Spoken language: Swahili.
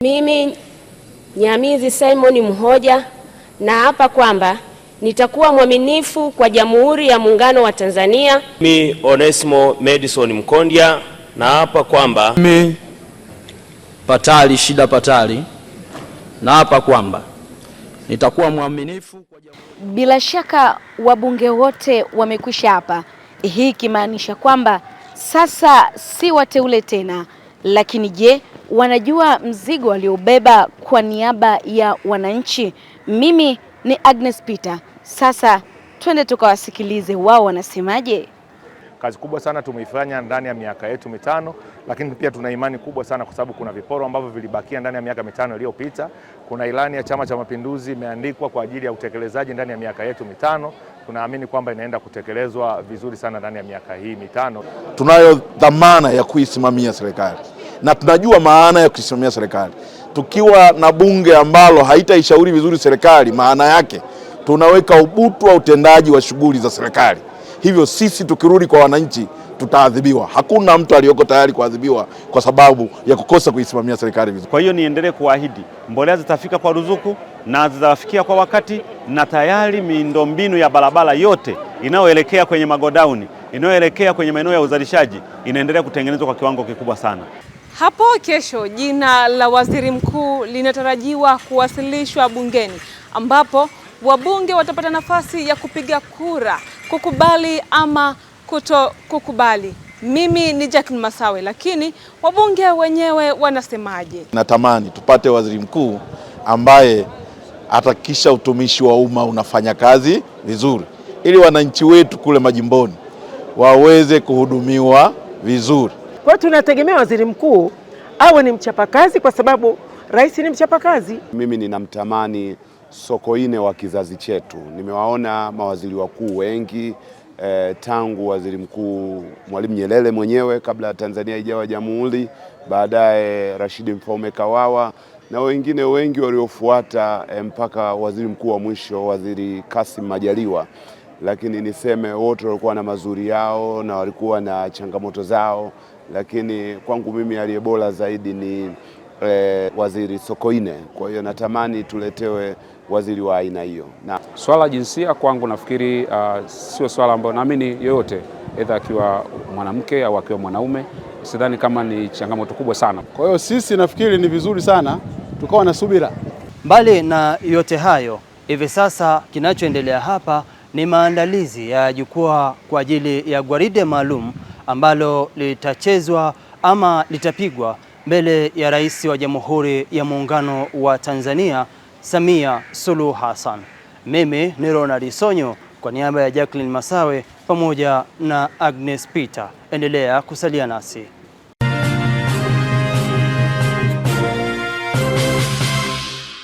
Mimi Nyamizi Simon Mhoja hapa kwamba nitakuwa mwaminifu kwa Jamhuri ya Muungano wa Tanzania. Mimi Onesmo Madison na hapa kwamba mimi Patali Shida Patali hapa kwamba nitakuwa mwaminifu kwa jamhuri. Bila shaka wabunge wote wamekwisha hapa, hii ikimaanisha kwamba sasa si wateule tena, lakini je wanajua mzigo waliobeba kwa niaba ya wananchi. Mimi ni Agnes Peter. Sasa twende tukawasikilize wao wanasemaje. Kazi kubwa sana tumeifanya ndani ya miaka yetu mitano, lakini pia tuna imani kubwa sana kwa sababu kuna viporo ambavyo vilibakia ndani ya miaka mitano iliyopita. Kuna ilani ya Chama cha Mapinduzi imeandikwa kwa ajili ya utekelezaji ndani ya miaka yetu mitano. Tunaamini kwamba inaenda kutekelezwa vizuri sana ndani ya miaka hii mitano. Tunayo dhamana ya kuisimamia serikali na tunajua maana ya kuisimamia serikali. Tukiwa na bunge ambalo haitaishauri vizuri serikali, maana yake tunaweka ubutu wa utendaji wa shughuli za serikali. Hivyo sisi tukirudi kwa wananchi tutaadhibiwa. Hakuna mtu aliyoko tayari kuadhibiwa kwa sababu ya kukosa kuisimamia serikali vizuri. Kwa hiyo niendelee kuahidi mbolea zitafika kwa ruzuku na zitafikia kwa wakati, na tayari miundombinu ya barabara yote inayoelekea kwenye magodauni, inayoelekea kwenye maeneo ya uzalishaji inaendelea kutengenezwa kwa kiwango kikubwa sana. Hapo kesho jina la waziri mkuu linatarajiwa kuwasilishwa bungeni ambapo wabunge watapata nafasi ya kupiga kura kukubali ama kuto kukubali. Mimi ni Jack Masawe, lakini wabunge wenyewe wanasemaje? Natamani tupate waziri mkuu ambaye atahakikisha utumishi wa umma unafanya kazi vizuri ili wananchi wetu kule majimboni waweze kuhudumiwa vizuri. Kwa hiyo tunategemea waziri mkuu awe ni mchapakazi, kwa sababu rais ni mchapakazi. Mimi ninamtamani Sokoine wa kizazi chetu. Nimewaona mawaziri wakuu wengi eh, tangu waziri mkuu Mwalimu Nyerere mwenyewe kabla Tanzania ijawa jamhuri, baadaye Rashidi Mfaume Kawawa na wengine wengi waliofuata eh, mpaka waziri mkuu wa mwisho, waziri Kassim Majaliwa lakini niseme wote walikuwa na mazuri yao na walikuwa na changamoto zao, lakini kwangu mimi aliye bora zaidi ni e, Waziri Sokoine. Kwa hiyo natamani tuletewe waziri wa aina hiyo. Na swala jinsia kwangu nafikiri uh, sio swala ambayo naamini yoyote, aidha akiwa mwanamke au akiwa mwanaume, sidhani kama ni changamoto kubwa sana. Kwa hiyo sisi nafikiri ni vizuri sana tukawa na subira. Mbali na yote hayo, hivi sasa kinachoendelea hapa ni maandalizi ya jukwaa kwa ajili ya gwaride maalum ambalo litachezwa ama litapigwa mbele ya Rais wa Jamhuri ya Muungano wa Tanzania Samia Suluhu Hassan. Mimi ni Ronald sonyo kwa niaba ya Jacqueline Masawe pamoja na Agnes Peter. Endelea kusalia nasi.